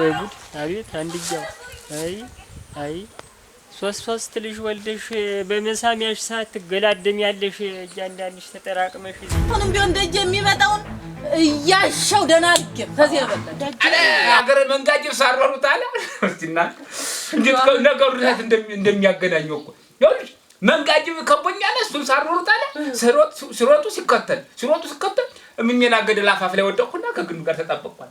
ወይ ጉድ! አቤት አንድያው! አይ አይ ሶስት ሶስት ልጅ ወልደሽ በመሳሚያሽ ሰዓት ትገላደሚያለሽ። እያንዳንድሽ ተጠራቅመሽ አሁንም ቢሆን ደጅ የሚመጣውን እያሻው ደናግም ከዚህ በለ ሀገር መንጋጭር ሳረሩት አለ እና እንዴት እንደሚያገናኘው እኮ ይኸውልሽ መንጋጭብ ከቦኛለ እሱም ሳረሩት አለ ሲሮጡ ሲከተል ሲሮጡ ሲከተል የምሜና ገደል አፋፍ ላይ ወደቅኩና ከግንዱ ጋር ተጣበቅኳል።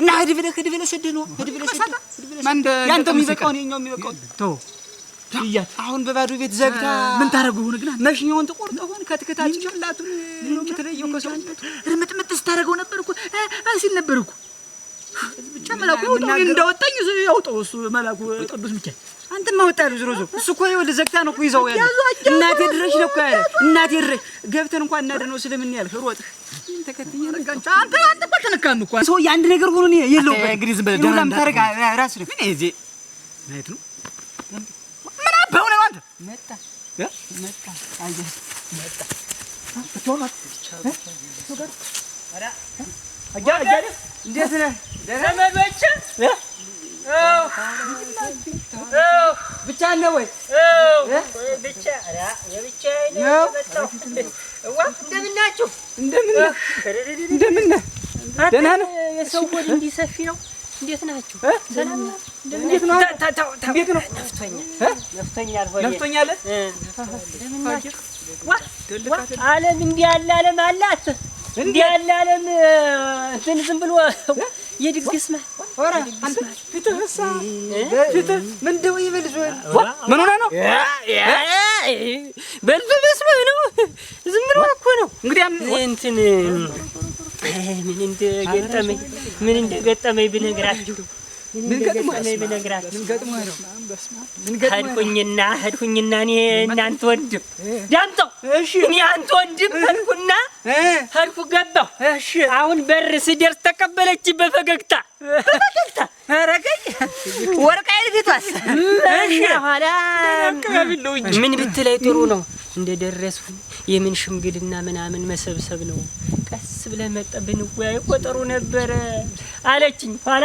እና ሂድ ብለህ ሂድ ብለህ ስድህ ነው። ሂድ ብለህ ስድህ ያንተው የሚበቃውን የእኛው የሚበቃውን ተው እያት አሁን በባዶ ቤት ዘግታ ምን ታደርገው ሆነ ግን መሽኛውን ተቆርጠ ሆነ ከትከታችን ጭላቱን ምትለየው ከሰው ርምጥምጥ ስታደርገው ነበር እኮ ሲል ነበር እኮ ብቻ መላኩ እንዳወጣኝ ያውጣው እሱ መላኩ ቅዱስ ሚካኤል አንተ ማወጣሉ ዝሮ ዝሮ እሱ እኮ ይኸውልህ ዘግታ ነው እኮ ይዘው ያለ እናቴ ድረሽ ነው እኮ ያለ እናቴ ድረሽ ገብተን እንኳን ነው ስለምን ያልክ ሮጥህ ተከትዬ አንተ አንተ እኮ ተነካን እኮ ሰው የአንድ ነገር ሆኖ ነው የለውም። እንግዲህ ዝም ብለህ ደህና ታረጋ ራስ ነው ምን እዚህ ማየት ነው ምን አባው ነው አንተ መጣ መጣ አየህ መጣ ተቶማት ብቻ ብቻ ኧረ አያ አያ እንዴት ነህ ዘመዶች ብቻ ነው ወይ? እንደምናችሁ እንደምን ደህና ነው? የሰው ሆድ እንዲህ ሰፊ ነው። እንዴት ናችሁ? እንዴት ነው? እንዴት ነው? ነፍቶኛል፣ ነፍቶኛል። ዓለም እንዲህ ያለ ዓለም አላት። እንዲህ ያለ ዓለም እንትን ዝም ብሎ የድግስ ማለት ምን ደው ይበልሽ? ምን ሆነ ነው? በልብ በስመ ነው። ዝም ብሎ እኮ ነው እንግዲህ እንትን ምን እንደገጠመኝ ምን እንደገጠመኝ ብነግራችሁ ምን ገጥሞህና ሄድኩኝና እኔ እናንተ ወንድም ዳምጠው እኔ አንተ ወንድም ሄድኩና ሄድኩ ገባሁ። አሁን በር ስደርስ ተቀበለች በፈገግታ በፈገግታ ረቀኝ ወርቃ ልግቷስ ኋላ ምን ብትለይ ጥሩ ነው። እንደ ደረስኩኝ የምን ሽምግልና ምናምን መሰብሰብ ነው። ቀስ ብለህ መጣ ብንወያይ ቆጠሩ ነበረ አለችኝ ኋላ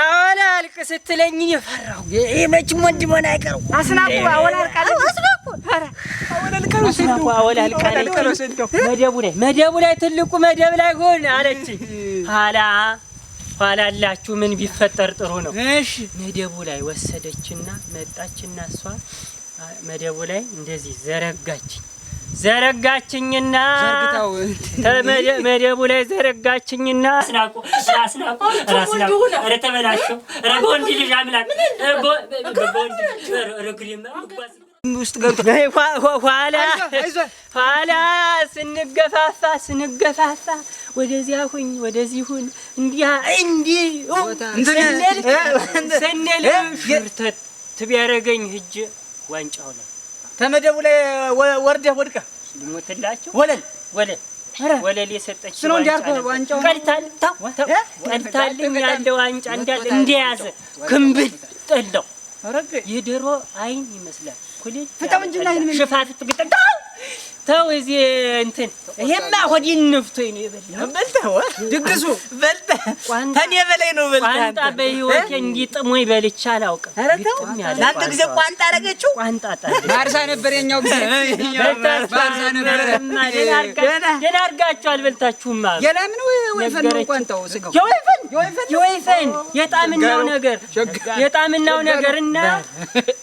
አሁን አልቅ ስትለኝ የፈራሁ ይሄ መቼም ወንድ መሆን አይቀርም። አስናቁ አወል አልቃለሁ። አስናቁ አወል አልቃለሁ። መደቡ ላይ መደቡ ላይ ትልቁ መደብ ላይ ሆን አለች። ኋላ ኋላ ምን ቢፈጠር ጥሩ ነው። እሺ መደቡ ላይ ወሰደችና መጣችና እሷ መደቡ ላይ እንደዚህ ዘረጋች ዘረጋችኝና መደቡ ላይ ዘረጋችኝና ውስጥ ስንገፋፋ ስንገፋፋ ወደዚያ ሁኝ ወደዚህ ሁን እንዲያ እንዲህ ስንል ሽርተት ዋንጫው ላይ ተመደቡ ላይ ወርደህ ወድቀህ ልሞትላችሁ። ወለል ወለል ወለል የሰጠች ስለ እንዲያርጎ ቀልታል ቀልታልኝ ያለ ዋንጫ እንዳለ እንደያዘ ክምብል አይን ይመስላል ኩሌ ግጠ ተው እዚህ እንትን ይሄማ ሆዴን ነፍቶኝ ነው የበላሁ። በልተህ ድግሱ በልተህ ተኔ በላይ ነው በልተህ። ቋንጣ በሕይወቴ እንዲህ ጥሞኝ በልቼ አላውቅም። ኧረ ተው ለአንተ ጊዜ ቋንጣ አደረገችው። ቋንጣ ባርሳ ነበር የእኛው ጊዜ ባርሳ ነበር። ደህና አድርጋችኋል። በልታችሁማ የላም ወይፈን ቋንጣው ስጋው የወይፈን የወይፈን የጣምናው ነገር የጣምናው ነገር እና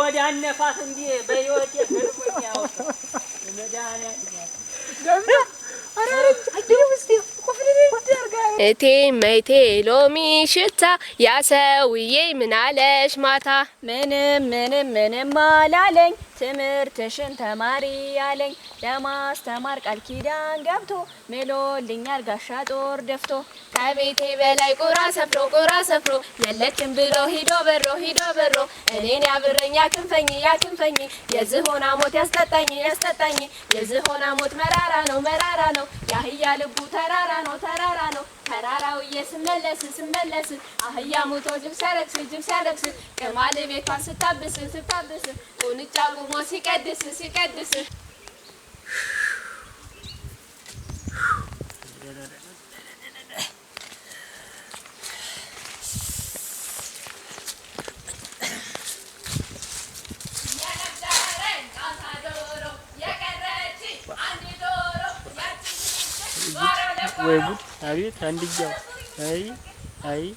ወደ አነፋት ገርሞኛው እቴ መይቴ ሎሚ ሽታ ያሰውዬ ምናለሽ ማታ ምንም ምንም ምንም አላለኝ ትምህርትሽን ተማሪ ያለኝ ለማስተማር ቃል ኪዳን ገብቶ ምሎልኛል ጋሻ ጦር ደፍቶ ከቤቴ በላይ ቁራ ሰፍሮ ቁራ ሰፍሮ የለችም ብሎ ሂዶ በሮ ሂዶ በሮ እኔን ያብረኛ ክንፈኝ ያክንፈኝ የዝሆና ሞት ያስጠጣኝ ያስጠጣኝ የዝሆና ሞት መራራ ነው መራራ ነው የአህያ ልቡ ተራራ ነው ተራራ ነው ተራራው ስመለስ ስመለስ አህያ ሞቶ ጅብ ሲያለቅስ ጅብ ሲያለቅስ ቅማል ቤቷን ስታብስ ስታብስ ቁንጫ Musik edilsin, müzik edilsin. Webut, hari tanding jauh, hari, hari.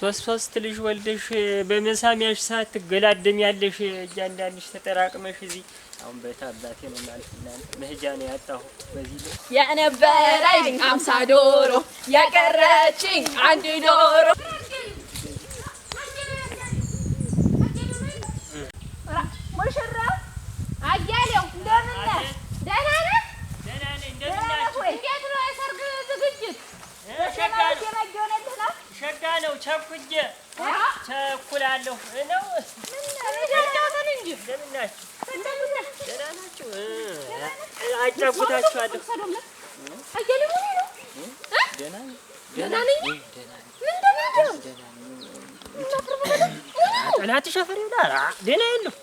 ሶስት ሶስት ልጅ ወልደሽ በመሳሚያሽ ሰዓት ትገላደሚያለሽ። እያንዳንድሽ ተጠራቅመሽ እዚህ አሁን በታ አባቴ ነው ማለት እናንተ መሄጃ ነው ያጣሁ። በዚህ ላይ የነበረኝ አምሳ ዶሮ ያቀረችኝ አንድ ዶሮ እውላለሁ ነው።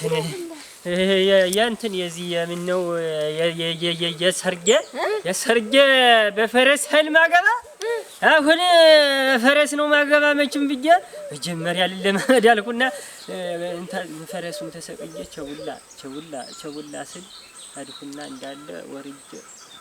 እንደምን የእንትን የዚህ የምን ነው የሰርጌ የሰርጌ በፈረስ ህልም አገባ አሁን ፈረስ ነው ማገባመችም መችም ብዬ መጀመሪያ ልለማመድ አልኩና ፈረሱን ተሰቅዬ ቸውላ ቸውላ ቸውላ ስል አድኩና እንዳለ ወርጄ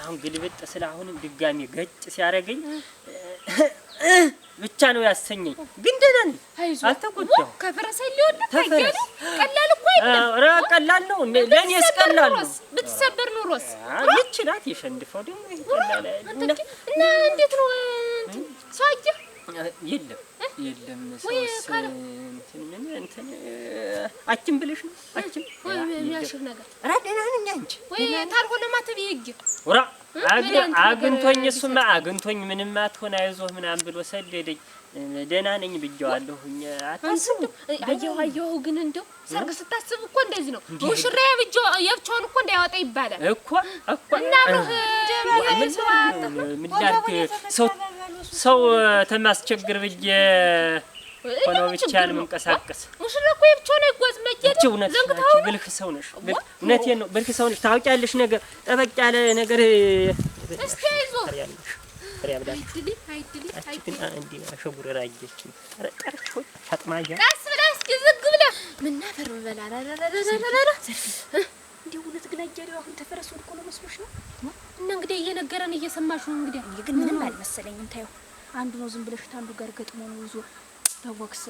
አሁን ግልብጥ ስለ አሁንም ድጋሚ ገጭ ሲያደርገኝ ብቻ ነው ያሰኘኝ። ግን ደህና ነኝ፣ አልተጎዳሁም። ከፈረስ ሊወድ ቀላል እኮ አይደለም። ቀላል ነው፣ ለእኔስ ቀላል ነው። ብትሰበር ኑሮስ ልችላት የሸንድፈው ደግሞ እና እንዴት ነው ሰውዬ የለም የለም። አችን ብለሽ ነው አችን አግኝቶኝ እሱማ አግኝቶኝ ምንም አትሆን አይዞህ ምናምን ብሎ ሰደደኝ። ደህና ነኝ ብዬዋለሁ። አታስቡ አየሁ አየሁ። ግን እንደው ሰርግ ስታስብ እኮ እንደዚህ ነው። ሙሽራ የብቻውን እኮ እንዳያወጣ ይባላል እኮ እኮ እና ብህ ምን ላድርግ ሰው ሰው ተማስቸግር ብዬ ሆነው ብቻ ነው የምንቀሳቀስ። ሙሽራ እኮ የብቻውን አይጓዝም። ብልህ ሰው ነሽ። እውነቴን ነው፣ ብልህ ሰው ነሽ። ታውቂያለሽ ነገር ጠበቅ ያለ ነገር ያለሽ እንዲህ እውነት ግን አያሌው አሁን ተፈረስ እኮ ነው መስሎሽ ነው? እና እንግዲህ እየነገረን እየሰማሽ ነው። እንግዲህ እኔ ግን ምንም አልመሰለኝም። ታዩ አንዱ ነው ዝም ብለሽ ታንዱ ጋር ገጥሞ ነው ይዞ በወቅስ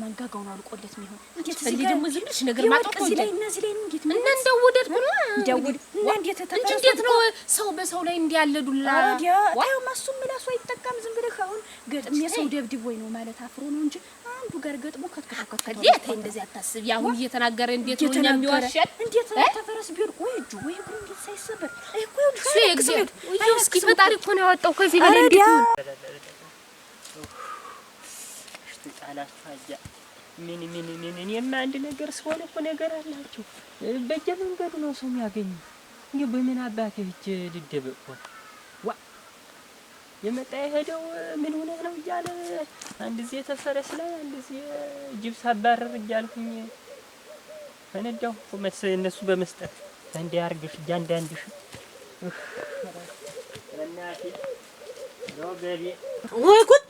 መንጋጋውን አልቆለት የሚሆን እንዴት እዚህ ደግሞ ዝም ብለሽ ነገር ማጥቆ እዚህ ላይ እና ላይ እንዴት ምን እና እንደውደት ብሎ እንደውድ እና እንዴት ተተፈረስ እንዴት ነው ሰው በሰው ላይ እንዲያለዱላ ታዩ ማሱም ምላሱ አይጠቃም። ዝም ብለሽ አሁን ገጥም የሰው ደብድብ ወይ ነው ማለት አፍሮ ነው እንጂ ከአንዱ ጋር ገጥሞ ከከከከከ እንደዚህ አታስብ። አሁን እየተናገረ እንዴት ነው የሚዋሻል? እንዴት ነው ተፈረስ ቢወድቅ ወይ እጁ ወይ እግሩ እንዴት ሳይሰበር እኮ ሱ ይኸው እስኪ ፈጣሪ እኮ ነው ያወጣው ከዚህ በላይ እንዴት ነው ጣላችሁ አያ ምን ምን ምን እኔማ አንድ ነገር ስሆነ እኮ ነገር አላችሁ። በየመንገዱ ነው ሰው የሚያገኝ። እንዴ በምን አባቴ ሂጅ ልደበቅ ሆነ የመጣ የሄደው ምን ሆነህ ነው እያለ አንድ ዜ ተፈረስ ላይ አንድ ዜ ጅብስ አባረር እያልኩኝ ፈነዳሁ። መስ እነሱ በመስጠት እንዲ ያርግሽ እያንዳንድሽ ወይ ጉድ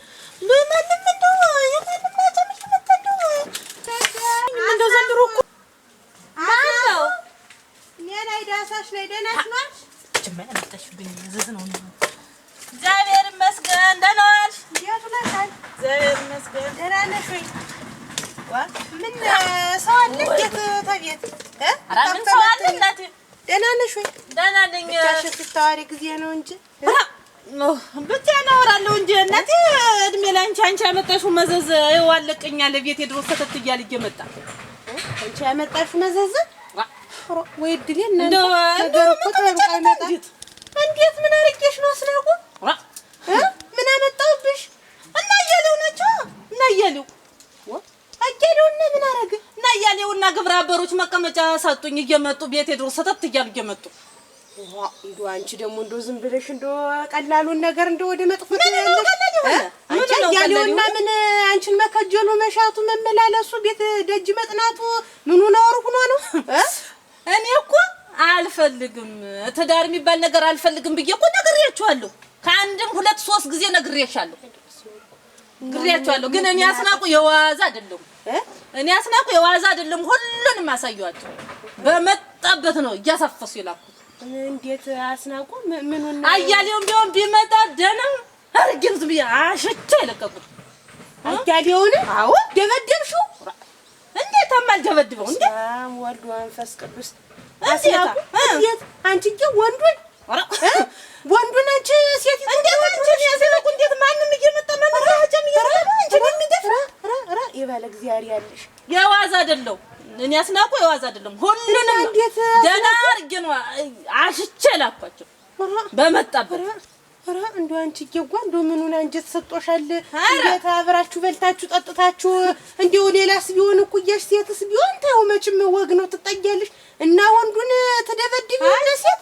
እንደው ዘንድሮ እኮ እኔ ላይ ዳሳሽ ላይ ደህና ነሽ ማለት ዝዝ ነው ነው እግዚአብሔር ይመስገን። ደህና ዋልሽ? ደህና ነሽ ወይ? ደህና ነኝ። ስታወሪ ጊዜ ነው እንጂ ብቻዬን አወራለሁ እንጂ እናቴ። እድሜ ላይ አንቺ ያመጣሽው መዘዝ ይኸው አለቀኛል። ቤቴ ድሮ ከተት እያለ እየመጣ አንቺ ያመጣሽው መዘዝ ወይ ድሌ እናንተ እንዴት ምን አርቄሽ ነው ስላቁ ምን አመጣሁብሽ? እና ናቸው። እና እያሌው አያሌውና ምን አረገ? እና ግብረ አበሮች መቀመጫ ሰጡኝ። እየመጡ ቤት ድሮ ሰጠት እያሉ እየመጡ እንደው አንቺ ደግሞ እንደው ዝም ብለሽ እንደው ቀላሉን ነገር እንደው ወደ መጥፎ ያለውና ምን አንቺን መከጀሉ መሻቱ መመላለሱ ቤት ደጅ መጥናቱ ምኑ ነውር ሆኖ ነው። እኔ እኮ አልፈልግም ትዳር የሚባል ነገር አልፈልግም ብዬ እኮ ነግሬያችኋለሁ። ከአንድም ሁለት ሶስት ጊዜ ነግሬሻለሁ፣ ግሬያቸዋለሁ። ግን እኔ አስናቁ የዋዛ አይደለም፣ እኔ አስናቁ የዋዛ አይደለም። ሁሉንም አሳየኋቸው። በመጣበት ነው እያሳፈሱ ይላኩት። እንዴት አስናቁ ምን ሆነ? አያሌውም ቢሆን ቢመጣ ደንም አርግን ዝም ብዬ አሽቼ የለቀቁት አያሌውን። አዎ ደበደብሽው? እንዴት አልደበድበው እንዴ? ወልድ ወመንፈስ ቅዱስ አስናቁ እንዴት አንቺ ወንዱን ወንዱ ነች ሴት እንዴት ማንም እየመጣ የባለ እግዚአብሔር ያለሽ የዋዛ አይደለው። እኔ አስናቁ የዋዛ አይደለም። ሁሉንም ደህና አድርጌ ነው አሽቼ ላኳቸው በመጣበት ኧረ እንደው አንቺዬ ጓ እንደው ምኑን አንጀት ሰጦሻል? እንዴት አብራችሁ በልታችሁ ጠጥታችሁ፣ እንደው ሌላስ ቢሆን እኩያሽ ሴትስ ቢሆን ተው መቼም ወግ ነው ትጠያለሽ እና ወንዱን ትደበድቢ ሴት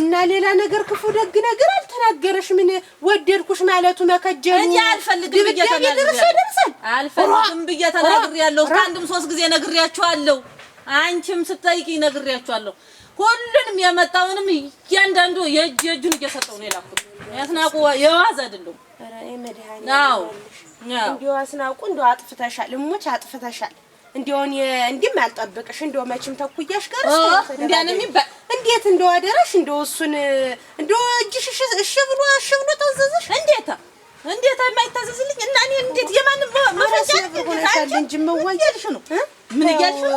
እና ሌላ ነገር ክፉ ደግ ነገር አልተናገረሽ። ምን ወደድኩሽ ማለቱ መከጀሉ እንጂ አልፈልግም አልፈልግም ብዬሽ ተናግሬያለሁ። ከአንድም ሶስት ጊዜ ነግሬያችኋለሁ። አንቺም ስትጠይቂኝ ነግሬያችኋለሁ። ሁሉንም የመጣውንም እያንዳንዱ የእጅ የእጁን እየሰጠው ነው የላኩት። ያስናቁ የዋዝ አይደለም። አዎ እንዲያው አስናቁ እንዲያው አጥፍተሻል፣ እሙች አጥፍተሻል። እንዲሆን እንዲም አልጠብቅሽ እንዲያው መቼም ተኩያሽ ጋር እንዲያንም የሚባል እንዴት እንደው አደረሽ እንደው እሱን እንደው እጅሽ እሺ ብሎ እሺ ብሎ ታዘዘሽ። እንዴታ እንዴታ የማይታዘዝልኝ እና እኔ እንዴት የማንም የማን መረጃ እንጂ መዋያልሽ ነው ምን እያልሽ ነው?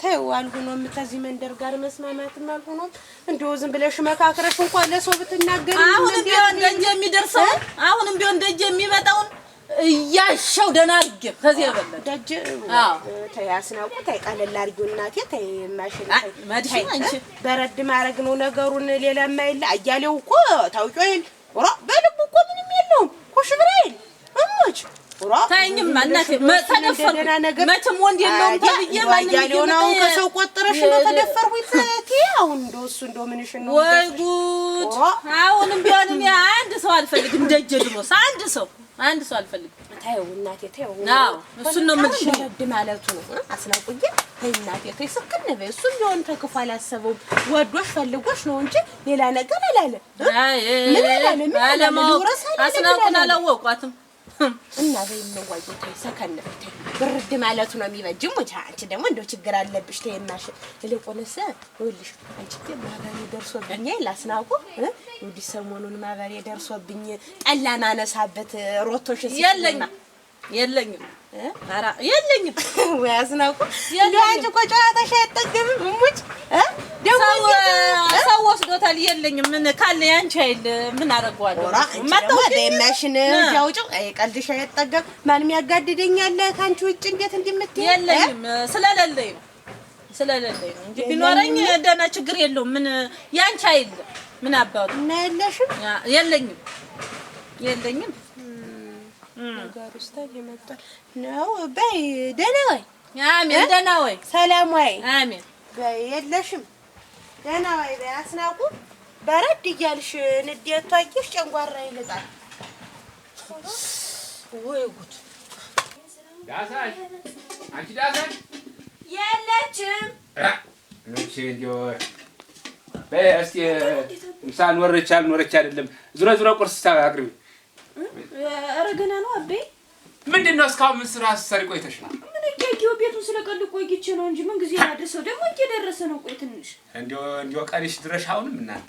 ተይው አልሆነም። ከዚህ መንደር ጋር መስማማትም አልሆነም። እንደው ዝም ብለሽ መካከረሽ እንኳን ለሰው ብትናገሪ አሁንም ቢሆን ደጅ የሚደርሰውን አሁንም ቢሆን ደጅ የሚመጣውን እያሻው ደህና አድርጌ ከዚህ የበለጠ ደጅ ተይ አስናቁ ተይ ቀለል አድርጊው እናቴ ተይ ማሽን መድሽን አንቺ በረድ ማድረግ ነው ነገሩን ሌላ የማይለ አያሌው እኮ ታውቂው ይል በልቡ እኮ ምንም የለውም ኩሽብራ ይል እሞች ታይኝማ እናቴ ተደፈርኩ። መቼም ወንድ የለውም ተብዬ ማንም ከሰው ቆጥረሽ ነው ተደፈርኩት። አሁን እንደው እሱ እንደው ምንሽ ነው? ወይ ጉድ! አሁንም ቢሆን እኔ አንድ ሰው አልፈልግም። እንደጀ ድሮስ አንድ ሰው አንድ ሰው አልፈልግም። ተይው እናቴ ተይው። አዎ እሱን ነው የምልሽ። ረድ ማለቱ አስናቁዬ፣ ተይ እናቴ ተይ፣ ስክን በይ። እሱም ቢሆን ተክፎ አላሰበውም። ወዶሽ ፈልጎሽ ነው እንጂ ሌላ ነገር አላለም። ምን አላለም? አለማወቅ አስናቁን አላወቋትም እና ዘይ የምዋየ ተይ፣ ሰከን ተይ፣ ብርድ ማለቱ ነው የሚበጅ። ሙቻ አንቺ ደግሞ እንደው ችግር አለብሽ ተይ። እናሽ ይልቁንስ ይኸውልሽ አንቺ ግን ደርሶብኝ ላስናቁ እንዲህ ሰሞኑን ማበሬ ደርሶብኝ ጠላ ማነሳበት ሮቶሽ የለኝም የለኝም ኧረ የለኝም ወይ አስናቁ። እንደው አንቺ እኮ ጨዋታሽ አይጠገብም እሙች እ የለኝም። ምን ካለ ያንቺ አይል ምን አደርገዋለሁ? ማጣው ደማሽን ያውጭው ቀልድሽ አይጠገብ። ማንም ያጋድደኛል ከአንቺ ውጭ እንዴት እንደምትይ የለኝም። ስለሌለኝ ነው ስለሌለኝ ነው እንጂ ቢኖረኝ ደህና ችግር የለውም። ምን ያንቺ አይል ምን አባቱ እና የለሽም? የለኝም የለኝም ጋር ውስጥ ይመጣል ነው በይ ደህና ወይ? አሜን ደህና ወይ? ሰላም ወይ? አሜን በይ የለሽም ደህና ወይ በይ አስናቁ በረድ እያልሽ ንዴቷ አየሽ፣ ጨንጓራ ይልጣል። ወይ ጉድ! ዳሳሽ አንቺ ዳሳሽ የለችም። ልብሴ እንዲያው በይ ምሳ ኖረች አልኖረች አይደለም። ዙረ ዙረ ቁርስ አቅርቢ። ኧረ ገና ነው አቤ። ምንድን ነው እስካሁን ምን ስራ ስትሰሪ ቆይተሽ ነው? ምን ቤቱን ስለቀልድ ቆይቼ ነው እንጂ ምን ጊዜ ያደሰው ደግሞ እየደረሰ ነው። ቆይ ትንሽ እንዲያው እንዲያው ቀሪሽ ድረሽ አሁንም እናንተ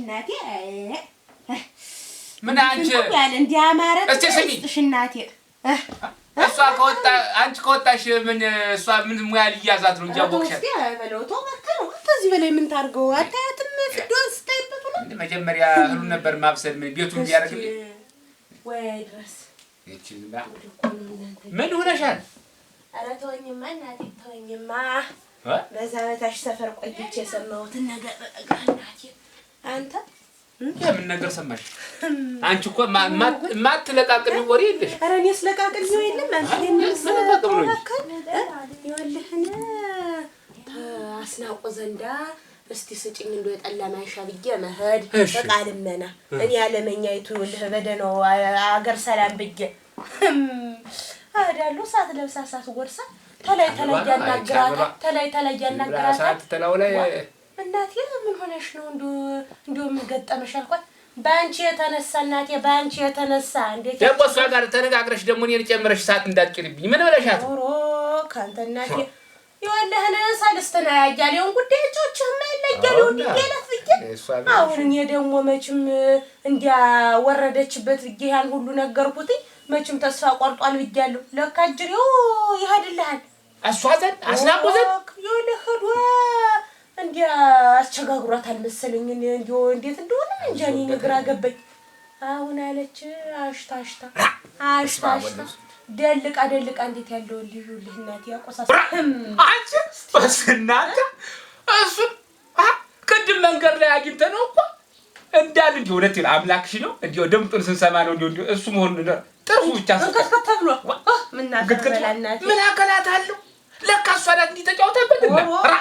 እናቴ ምን አንቺ እንዲህ አማረ ስጥሽ እናቴ። እሷ ከወጣ አንቺ ከወጣሽ ምን እሷ ምን ሙያ ልያዛት ነው? እያወቅሻል በለውቶ መከረ ከዚህ በላይ ምን ታርገው? አታያትም? ፍዶን ስታይበት ሁሉ መጀመሪያ እህሉን ነበር ማብሰል። ምን ቤቱን ቢያደርግ ወይ ድረስ ምን ሆነሻል? ኧረ ተወኝማ እናቴ ተወኝማ። በዛ በታች ሰፈር ቆይቼ የሰማሁትን ነገር እናቴ አንተ የምን ነገር ሰማሽ? አንቺ እኮ ማትለቃቅል ወሬ የለሽ። ኧረ እኔስ ለቃቅል ነው የለም። ይኸውልህን አስናቆ ዘንዳ እስቲ ስጭኝ እንደው የጠላ ማይሻ ብዬ መሄድ በቃ ልመና እኔ ያለመኛይቱ ይኸውልህ በደህናው አገር ሰላም ብዬ እሄዳለሁ። ሰዓት ለብሳ ሰዓት ጎርሳ ተላይ ተላይ ያናግራታል። ተላይ ተላይ ያናግራታል። እናቴ ምን ሆነሽ ነው እንዶ እንዶ ምን ገጠመሽ? አልኳት። በአንቺ የተነሳ እናቴ፣ በአንቺ የተነሳ እንዴት ደግሞ እሷ ጋር ተነጋግረሽ ደግሞ እኔን ጨምረሽ ሰዓት እንዳትጭልብኝ ምን ብለሻት? ሮ ከአንተ እናቴ የዋለህን ያያል ያያሌውን ጉዳዮቻችሁም ያለያሌው እንዲገለፍ ይገለፍኝ። አሁን እኔ ደግሞ መቼም እንዲያወረደችበት ብዬ ያን ሁሉ ነገርኩትኝ። መቼም ተስፋ ቆርጧል ብያለሁ። ለካ እጅሬው ይሄድልሃል። አሷዘን አስናቆዘን የሆነ ህዷ እንዲያ አስቸጋግሯታል አልመሰለኝ። እንዲሁ እንዴት እንደሆነ እንጃ እኔ ግራ ገባኝ። አሁን አለች አሽታ አሽታ አሽታ አሽታ ደልቃ ደልቃ እንዴት ያለው ልዩ ልህናት ያቆሳሳችን ስናተ እሱን ቅድም መንገድ ላይ አግኝተ ነው እኮ እንዳል እንዲ ሁለት ይል አምላክሽ ነው እንዲ ድምጡን ስንሰማ ነው እንዲ እሱ መሆኑ ጥሩ ብቻ ስከትከት ተብሎ ምናገበላናት ምን አገላት አለው ለካ እሷ ናት እንዲህ ተጫውታበት ራ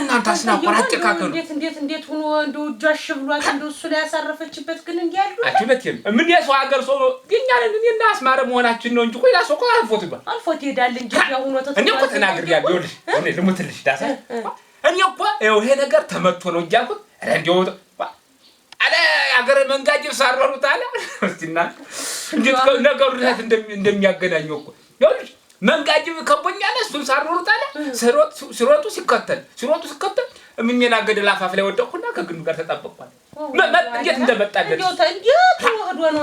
እናንተ አስናቆር አጨካከሉ እንዴት እንዴት እንዴት ሆኖ እንደው እጇ ብሏት እንደው እሱ ላይ ያሳረፈችበት ግን እንዲህ ያሉ አትበት የለም። ምን የሰው ሀገር ሰው ነው የኛ እና አስማረ መሆናችን ነው እንጂ ቆይ ላሰው እኮ አልፎት ይባል አልፎት ይሄዳል እንጂ ያው ሆኖ ተተናግሬ ያለው ልሙትልሽ ዳሳ እኔ እኮ ይሄ ነገር ተመቶ ነው እያልኩት ኧረ እንዲያው አለ አገር መንጋጅ ሳረሩት አለ። እስቲ እናንተ እንዴት ነገሩ እንደሚያገናኘው እኮ መንጋጅብ ከቦኛለ እሱም ሳሮሩት አለ ሲሮጡ ሲከተል ሲሮጡ ሲከተል የሚናገድ ላፋፍ ላይ ወደቅሁና ከግንዱ ጋር ተጣበቅኳል። እንዴት እንደመጣለን የጅብ ነው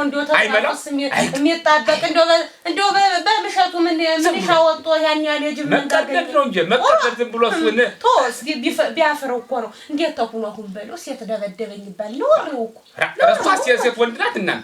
ዝም ብሎ ቢያፍረው እኮ ነው። እንዴት ተሁኖ አሁን በለው ሴት ደበደበኝ ይባል ነው ሴት ወንድ ናት እናንተ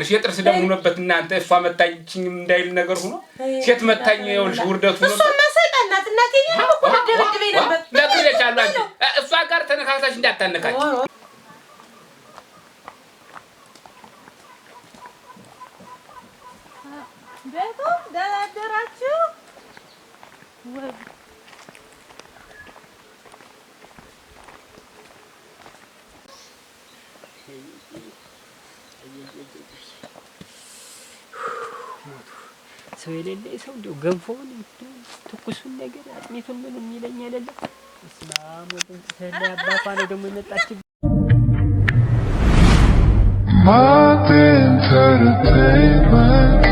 ልሽ የጥርስ ደም ሆኖበት እናንተ እሷ መታችኝ እንዳይል ነገር ሆኖ ሴት መታኝ ይኸውልሽ ውርደቱ ነው። እሷ ሰይጣን ናት። እናቴ ነው እኮ ደብደበኝ ነበር። ለምን ይቻላል? እሷ ጋር ተነካካሽ እንዳታነካች የሌለ ሰው እንዲያው ገንፎውን ትኩሱን ነገር አጥሚቱን ምን የሚለኝ የሌለ አባቷ ነው ደግሞ የመጣችው ማቲን ተርቴመንት